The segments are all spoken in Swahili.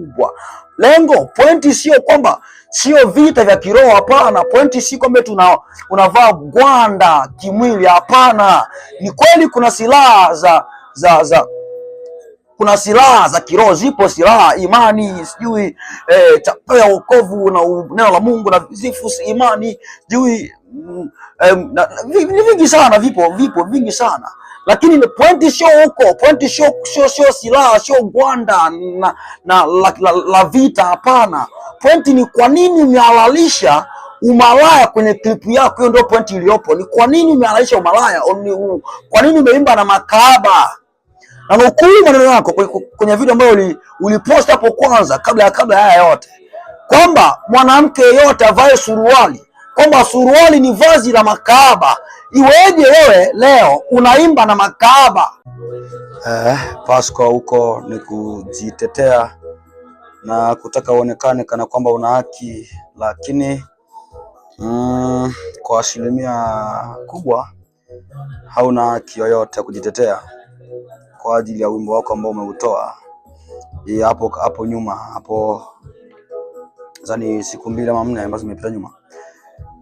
kubwa. Lengo pointi sio kwamba sio vita vya kiroho, hapana. Pointi si kwamba tuna unavaa gwanda kimwili, hapana. Ni kweli kuna silaha za, za, za kuna silaha za kiroho, zipo silaha imani, sijui eh, chapeo ya wokovu na neno la Mungu na vizifu imani, sijui mm, eh, vingi sana, vipo vipo vingi sana lakini pointi sio huko, pointi sio sio silaha, sio gwanda na, na la, la, la vita. Hapana, pointi ni kwa nini umehalalisha umalaya kwenye klipu yako. Hiyo ndio pointi iliyopo, ni kwa nini umehalalisha umalaya, kwa nini umeimba na makaaba na nukuu maneno yako kwenye video ambayo uliposta hapo kwanza, kabla ya kabla haya yote, kwamba mwanamke yeyote avae suruali, kwamba suruali ni vazi la makaaba Iweje wewe leo unaimba na makahaba eh? Pasco huko ni kujitetea na kutaka uonekane kana kwamba una haki, lakini mm, kwa asilimia kubwa hauna haki yoyote ya kujitetea kwa ajili ya wimbo wako ambao umeutoa hapo hapo nyuma hapo, zani siku mbili ama nne ambazo zimepita nyuma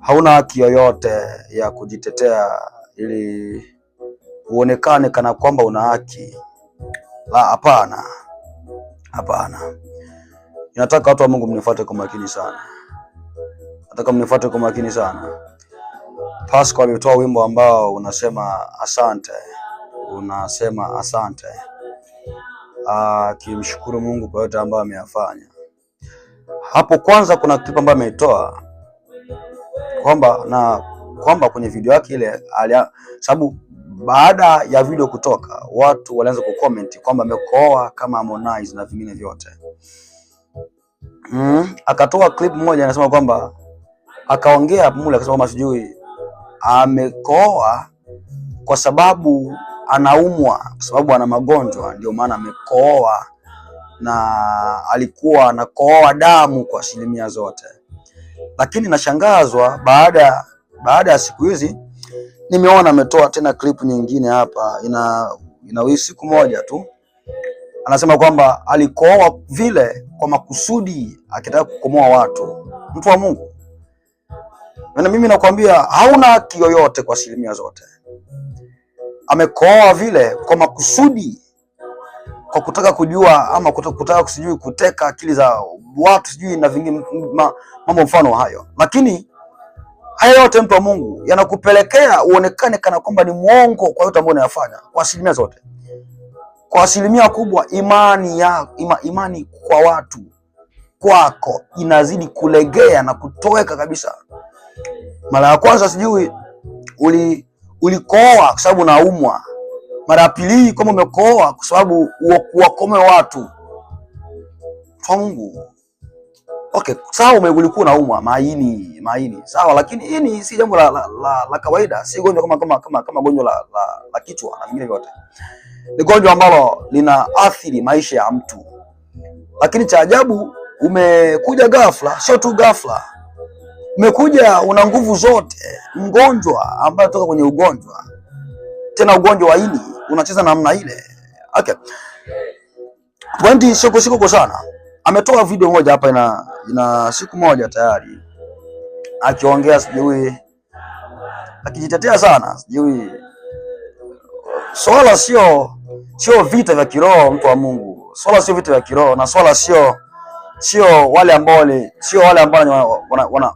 hauna haki yoyote ya kujitetea ili uonekane kana kwamba una haki. La, hapana, hapana. Nataka watu wa Mungu mnifuate kwa makini sana, nataka mnifuate kwa makini sana. Pasco alitoa wimbo ambao unasema asante, unasema asante, akimshukuru Mungu kwa yote ambayo ameyafanya. Hapo kwanza kuna klipu ambayo ameitoa kwamba na kwamba kwenye video yake ile, sababu baada ya video kutoka watu walianza comment kwamba amekooa kama Harmonize na vingine vyote mm. Akatoa clip moja anasema kwamba akaongea mule akasema kwamba sijui amekooa kwa sababu anaumwa, kwa sababu ana magonjwa, ndio maana amekooa, na alikuwa anakooa damu kwa asilimia zote lakini nashangazwa baada baada ya siku hizi nimeona ametoa tena clip nyingine hapa, ina ina siku moja tu, anasema kwamba alikooa vile kwa makusudi, akitaka kukomoa watu. Mtu wa Mungu, na mimi nakwambia hauna haki yoyote kwa asilimia zote. amekooa vile kwa makusudi kwa kutaka kujua ama kutaka kusijui kuteka akili za watu sijui na vingine mambo mfano hayo. Lakini haya yote mtu wa Mungu yanakupelekea uonekane kana kwamba ni mwongo kwa yote ambayo unayafanya, kwa asilimia zote, kwa asilimia kubwa imani ya, ima, imani kwa watu kwako inazidi kulegea na kutoweka kabisa. Mara ya kwanza sijui ulikooa kwa sababu unaumwa mara ya pili kama umekoa, kwa sababu uwakome watu Mungu. Okay, sawa, umegulikuwa umwa maini maini, sawa, lakini hii ni si jambo la, la, la, la kawaida, si gonjwa kama, kama, kama, kama gonjwa la, la, la kichwa na vingine vyote. Ni gonjwa ambalo lina athiri maisha ya mtu, lakini cha ajabu umekuja ghafla. Sio tu ghafla, umekuja una nguvu zote, mgonjwa ambaye toka kwenye ugonjwa tena ugonjwa wa ini unacheza namna ile. Okay. Pointi shoko shoko sana. Ametoa video moja hapa ina ina siku moja tayari. Akiongea sijui akijitetea sana sijui swala sio sio vita vya kiroho, mtu wa Mungu. Swala sio vita vya kiroho na swala sio sio wale ambao sio wale ambao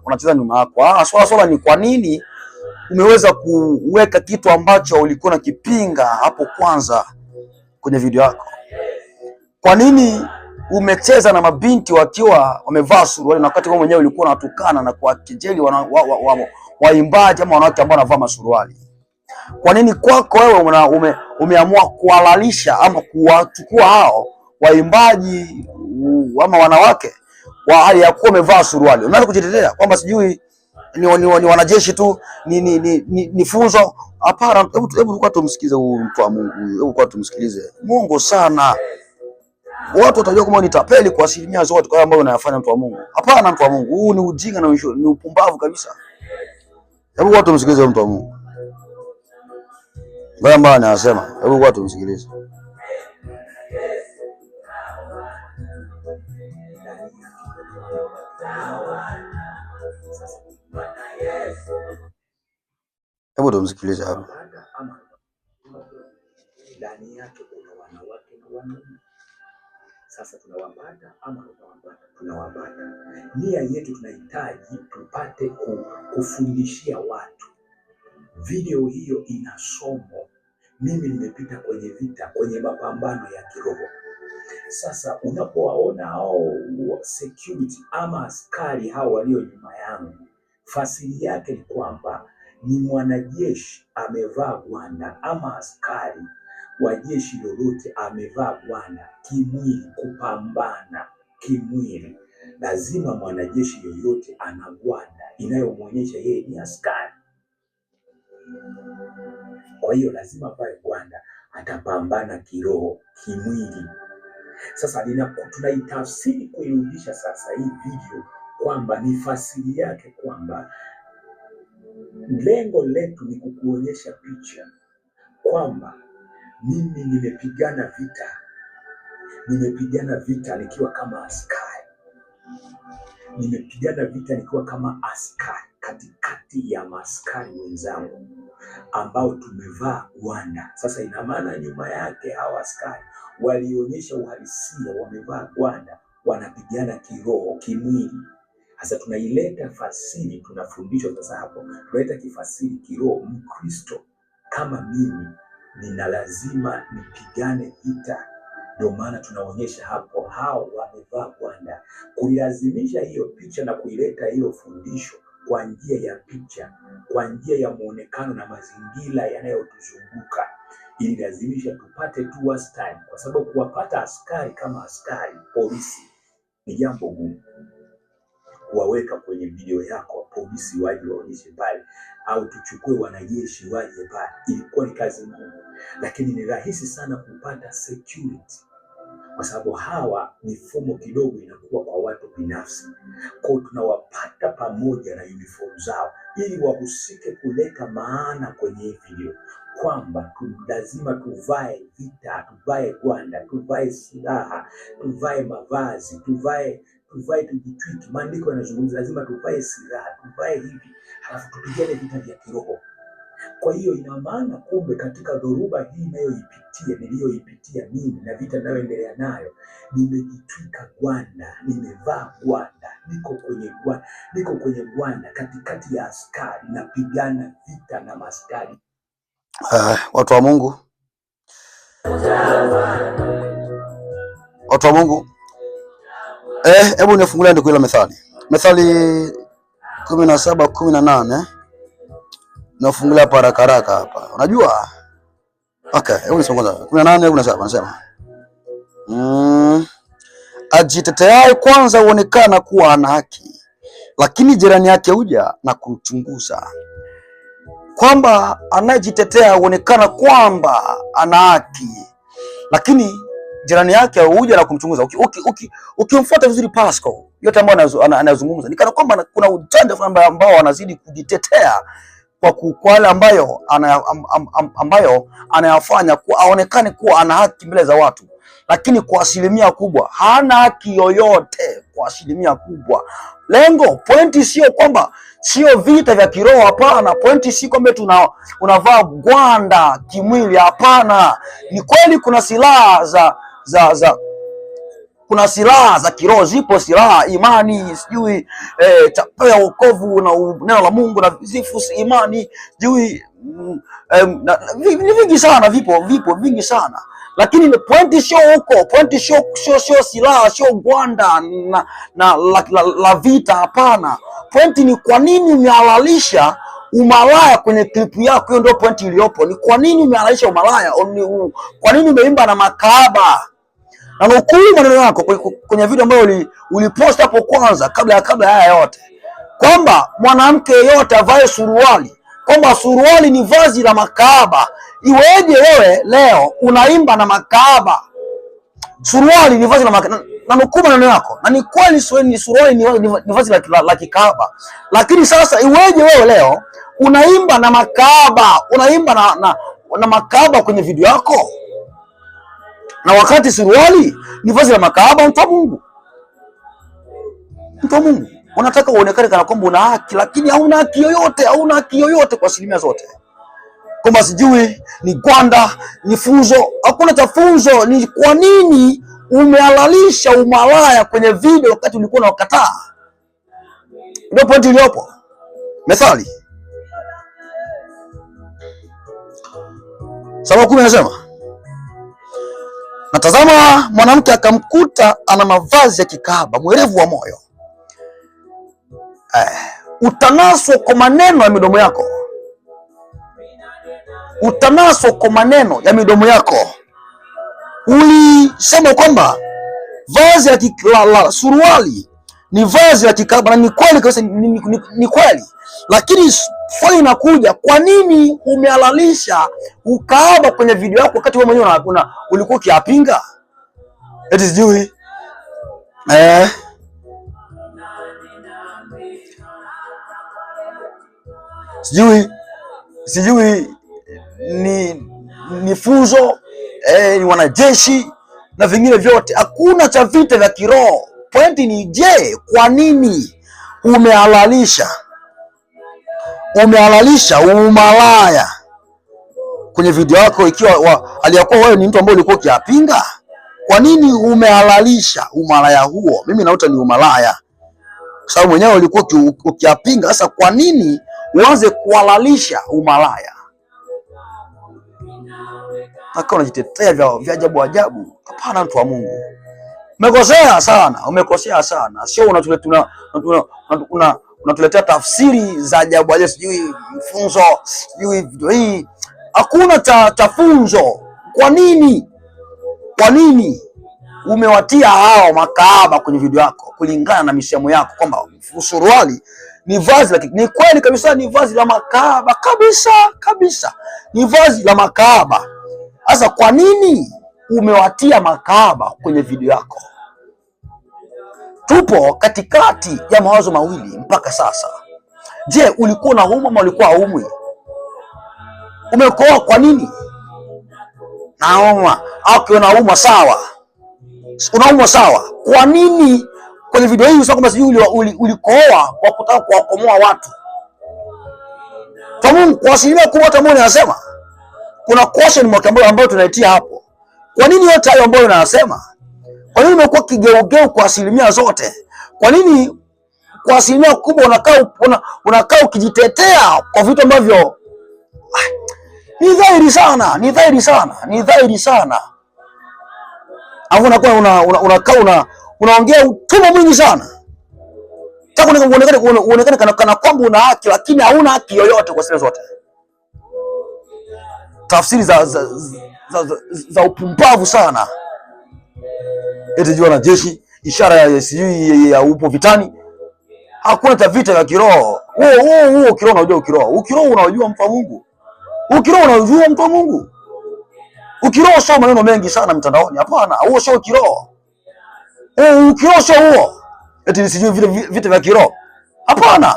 wanacheza nyuma yako. Ah, swala swala ni kwa nini umeweza kuweka kitu ambacho ulikuwa unakipinga hapo kwanza kwenye video yako. Kwa nini umecheza na mabinti wakiwa wamevaa suruali na wakati wewe mwenyewe ulikuwa unatukana na kuwakejeli waimbaji wa, ama wanawake ambao wanavaa masuruali? Kwa nini kwako wewe ume, umeamua kuhalalisha ama kuwachukua hao waimbaji ama wanawake wa hali ya kuwa wamevaa suruali? Unaweza kujitetea kwamba sijui ni, ni, ni wanajeshi tu ni, ni, ni, ni, ni funzo? Hapana, hebu kwa tumsikize huyu mtu wa Mungu, hebu kwa tumsikilize. Mungu sana, watu watajua kama ni tapeli kwa asilimia zote kwa ambayo unayafanya mtu wa Mungu. Hapana, mtu wa Mungu, huu ni ujinga na ni upumbavu kabisa. Hebu kwa tumsikilize mtu wa Mungu, anasema. Hebu kwa tumsikilize. Hebu tumsikilize hapo. Ndani yake kuna wanawake na wanaume. Sasa tunawabada ama tunawabada? Tunawabada. Nia yetu tunahitaji tupate kufundishia watu. Video hiyo ina somo. Mimi nimepita kwenye vita, kwenye mapambano ya kiroho. Sasa unapowaona hao security ama askari hao walio nyuma yangu Fasili yake ni kwamba ni mwanajeshi amevaa gwanda ama askari wa jeshi lolote amevaa gwanda kimwili, kupambana kimwili. Lazima mwanajeshi yoyote ana gwanda inayomwonyesha yeye ni askari. Kwa hiyo lazima pale gwanda atapambana kiroho, kimwili. Sasa tunaitafsiri kuirudisha sasa hii video kwamba ni fasili yake kwamba lengo letu ni kukuonyesha picha kwamba mimi nimepigana vita, nimepigana vita nikiwa kama askari, nimepigana vita nikiwa kama askari katikati ya maaskari wenzangu ambao tumevaa gwanda. Sasa ina maana nyuma yake hawa askari walionyesha uhalisia, wamevaa gwanda, wanapigana kiroho, kimwili sasa tunaileta fasiri, tunafundishwa sasa hapo, tunaleta kifasiri kiroho. Mkristo kama mimi nina lazima nipigane vita. Ndio maana tunaonyesha hapo, hao wamevaa gwanda, kuilazimisha hiyo picha na kuileta hiyo fundisho kwa njia ya picha, kwa njia ya muonekano na mazingira yanayotuzunguka ililazimisha tupate tu wastani, kwa sababu kuwapata askari kama askari polisi ni jambo gumu kuwaweka kwenye video yako, polisi waje waonyeshe pale, au tuchukue wanajeshi waje pale. Ilikuwa ni kazi ngumu, lakini ni rahisi sana kupata security kwa sababu hawa mifumo kidogo inakuwa kwa watu binafsi, kwao tunawapata pamoja na uniform zao, ili wahusike kuleta maana kwenye hii video kwamba lazima tuvae vita, tuvae gwanda, tuvae silaha, tuvae mavazi, tuvae tuvae, tujitwiki Maandiko yanazungumza lazima tuvae silaha, tuvae hivi, halafu tupigane vita vya kiroho. Kwa hiyo ina maana kumbe, katika dhoruba hii inayoipitia niliyoipitia mimi na vita ninayoendelea nayo, nimejitwika gwanda, nimevaa gwanda, niko kwenye gwanda, niko kwenye gwanda katikati ya askari, napigana vita na maskari. Uh, watu wa Mungu, watu wa Mungu Eh, hebu nifungulie ndiko ile Methali. Methali kumi na saba kumi na nane nafungulia hapa haraka haraka hapa. Unajua? Okay, hebu nisome kwanza. Kumi nasema. Mm. Ajiteteaye kwanza huonekana kuwa ana haki, lakini jirani yake huja na kumchunguza. Kwamba anayejitetea huonekana kwamba ana haki, lakini jirani yake huja na kumchunguza. Ukimfuata vizuri Pasco, yote ambayo anazungumza ni kana kwamba kuna ujanja fulani ambao anazidi kujitetea kwa kwale ambayo ana, ambayo anayafanya kuwa aonekane kuwa ana haki mbele za watu, lakini kwa asilimia kubwa hana haki yoyote, kwa asilimia kubwa. Lengo pointi sio kwamba sio vita vya kiroho, hapana. Pointi si kwamba tuna unavaa gwanda kimwili, hapana. Ni kweli kuna silaha za za, za kuna silaha za kiroho zipo, silaha imani, sijui eh, chapeo ya wokovu na neno la Mungu na vizifu imani, sijui mm, ni vingi sana, vipo vipo vingi sana lakini pointi sio huko, pointi sio silaha, sio gwanda na, na la, la, la vita. Hapana, pointi ni kwa nini umehalalisha umalaya kwenye klipu yako? Hiyo ndio pointi iliyopo. Ni kwa nini umehalalisha umalaya? Kwa nini umeimba na makahaba na maneno yako kwenye video ambayo uliposta hapo kwanza, kabla ya kabla haya yote, kwamba mwanamke yeyote avae suruali, kwamba suruali ni vazi la makaaba. Iweje wewe leo unaimba na makaba Suruali ni vazi la makaaba na nukuu maneno yako, na ni kweli suruali ni vazi la kikaaba, lakini sasa iweje wewe leo unaimba na makaaba, unaimba na, na, na makaaba kwenye video yako? na wakati suruali ni vazi la makahaba. Mtu wa Mungu, mtu wa Mungu, unataka uonekane kana kwamba una haki, lakini hauna haki yoyote, hauna haki yoyote kwa asilimia zote, kwamba sijui ni gwanda ni funzo. Hakuna cha funzo. Ni kwa nini umehalalisha umalaya kwenye video wakati ulikuwa unakataa? Ndio pointi iliyopo. Methali saba kumi anasema na tazama, mwanamke akamkuta ana mavazi ya kikaba, mwerevu wa moyo. Eh, utanaswa kwa maneno ya midomo yako, utanaswa kwa maneno ya midomo yako. Ulisema kwamba vazi la suruali ni vazi la kikaba, na ni kweli kabisa, ni kweli lakini swali inakuja, kwa nini umehalalisha ukaaba kwenye video yako wakati wewe mwenyewe unakuna ulikuwa ukiapinga? Eti sijui eh, sijui sijui ni ni funzo eh, ni wanajeshi na vingine vyote, hakuna cha vita vya kiroho. Pointi ni je, kwa nini umehalalisha umehalalisha umalaya kwenye video yako, ikiwa aliyakuwa wewe ni mtu ambaye ulikuwa ukiapinga. Kwa nini umehalalisha umalaya huo? Mimi nauta ni umalaya kwa sababu mwenyewe ulikuwa ukiapinga. Sasa kwa nini uanze kuhalalisha umalaya? Aka unajitetea vya vya ajabu ajabu. Hapana, mtu wa Mungu, umekosea sana, umekosea sana, sio una, unatuletea tafsiri za ajabu ajabu, sijui mfunzo, sijui vitu hii. Hakuna ta, tafunzo. Kwa nini? Kwa nini umewatia hao makahaba kwenye video yako kulingana na misemo yako, kwamba suruali ni vazi la, ni kweli kabisa, ni vazi la makahaba kabisa kabisa, ni vazi la makahaba. Sasa kwa nini umewatia makahaba kwenye video yako? Tupo katikati ya mawazo mawili mpaka sasa. Je, ulikuwa na umu ama ulikuwa haumwi? Umekoa kwa nini? Nauma au unaumwa sawa, unaumwa sawa. Kwa nini kwenye video hii usema kwamba sijui ulikoa kwa kutaka kuwakomoa watu kwa Mungu? Kwa asilimia kubwa hata Mungu anasema kuna question mark ambayo tunaitia hapo. Kwa nini yote hayo ambayo unayasema kwa nini umekuwa kigeugeu kwa asilimia zote? Kwa nini kwa asilimia kubwa unakaa unakaa ukijitetea kwa vitu ambavyo ah, ni dhahiri sana, ni dhahiri sana, ni dhahiri sana. Alafu unakuwa unakaa una unaongea utumo mwingi sana. uonekane kana, kana kwamba una haki lakini hauna haki yoyote kwa siri zote. Tafsiri za za, za, za, za upumbavu sana eti jua na jeshi, ishara ya sijui ya upo vitani. Hakuna ta vita vya kiroho. Huo huo huo kiroho unajua ukiroho. Ukiroho unajua mpa Mungu. Ukiroho unajua mpa Mungu. Ukiroho sio maneno mengi sana mtandaoni. Hapana, huo sio kiroho. Eh, ukiroho sio huo. Eti sijui vile vita vya kiroho. Hapana.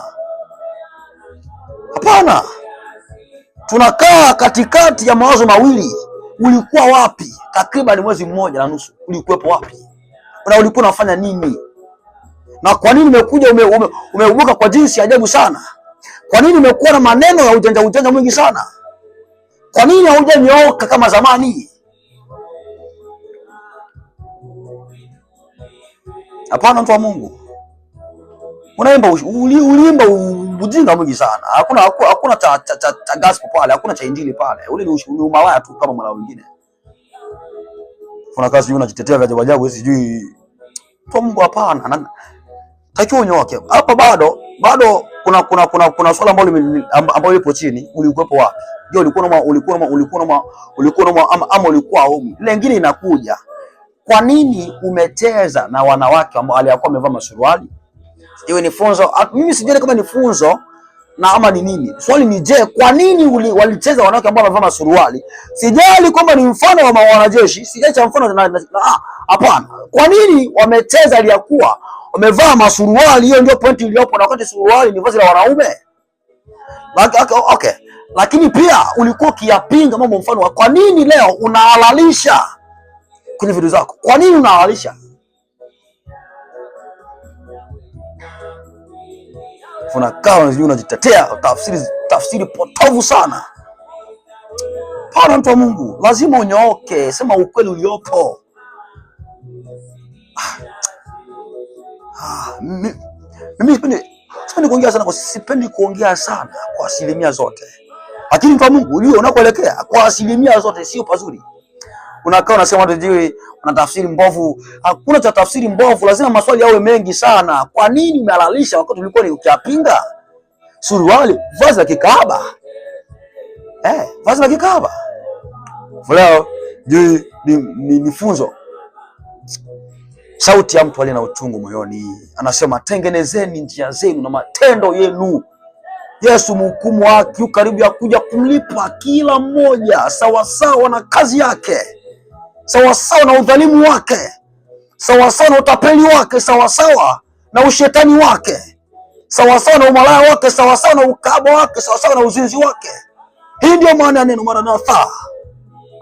Hapana. Tunakaa katikati ya mawazo mawili ulikuwa wapi? Takriban mwezi mmoja na nusu, ulikuwepo wapi na ulikuwa unafanya nini? Na kwa nini umekuja umeumuka ume, ume kwa jinsi ya ajabu sana? Kwa nini umekuwa na maneno ya ujanja ujanja mwingi sana? Kwa nini haujanyooka kama zamani? Hapana, mtu wa Mungu, unaimba ulimba ujinga mwingi sana. Hakuna hakuna cha, cha, cha, cha gospel pale, hakuna cha injili pale. Ule ni umawaya tu kama mwana mwingine. Kuna kazi yuna jitetea vya ajabu sijui kwa Mungu, hapana. Takiwa unyoke. Hapa bado bado kuna kuna kuna kuna swala ambalo ambalo lipo chini, ulikuwepo wapi? Je, ulikuwa na ulikuwa na ulikuwa na ulikuwa na ama, ama ulikuwa home. Lingine inakuja. Kwa nini umecheza na wanawake ambao alikuwa amevaa masuruali? iwe ni funzo. Ah, mimi sijui kama ni funzo na ama ni nini. Swali ni je, kwa nini walicheza wanawake ambao wamevaa suruali? Sijali kwamba ni mfano wa wanajeshi, sijali cha mfano na ah, hapana. Kwa nini wamecheza iliyakuwa wamevaa masuruali? Hiyo ndio pointi iliyopo, na wakati suruali ni vazi la wanaume. Okay, lakini pia ulikuwa ukiyapinga mambo, mfano kwa nini leo unahalalisha kwenye video zako? Kwa nini unahalalisha nakaa unajitetea tafsiri, tafsiri potovu sana. Pana mtu wa Mungu, lazima unyooke, sema ukweli uliopo. Ah, mimi sipendi kuongea sana, sipendi kuongea sana kwa asilimia zote, lakini mtu wa Mungu, ujue unakoelekea kwa asilimia zote sio pazuri unakaa unasema watu una tafsiri mbovu. Hakuna cha tafsiri mbovu, lazima maswali yawe mengi sana. Kwa nini umehalalisha wakati ulikuwa ni ukiapinga Suruali, vazi la kikaaba eh, vazi la kikaaba leo juu ni, ni, ni funzo. Sauti ya mtu aliye na uchungu moyoni anasema, tengenezeni njia zenu na matendo yenu. Yesu mhukumu wake karibu ya kuja kumlipa kila mmoja sawasawa na kazi yake sawasawa na udhalimu wake, sawasawa na utapeli wake, sawasawa na ushetani wake, sawasawa na umalaya wake, sawasawa na ukaba wake, sawasawa na uzinzi wake. Hii ndio maana ya neno maranatha.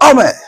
Amen.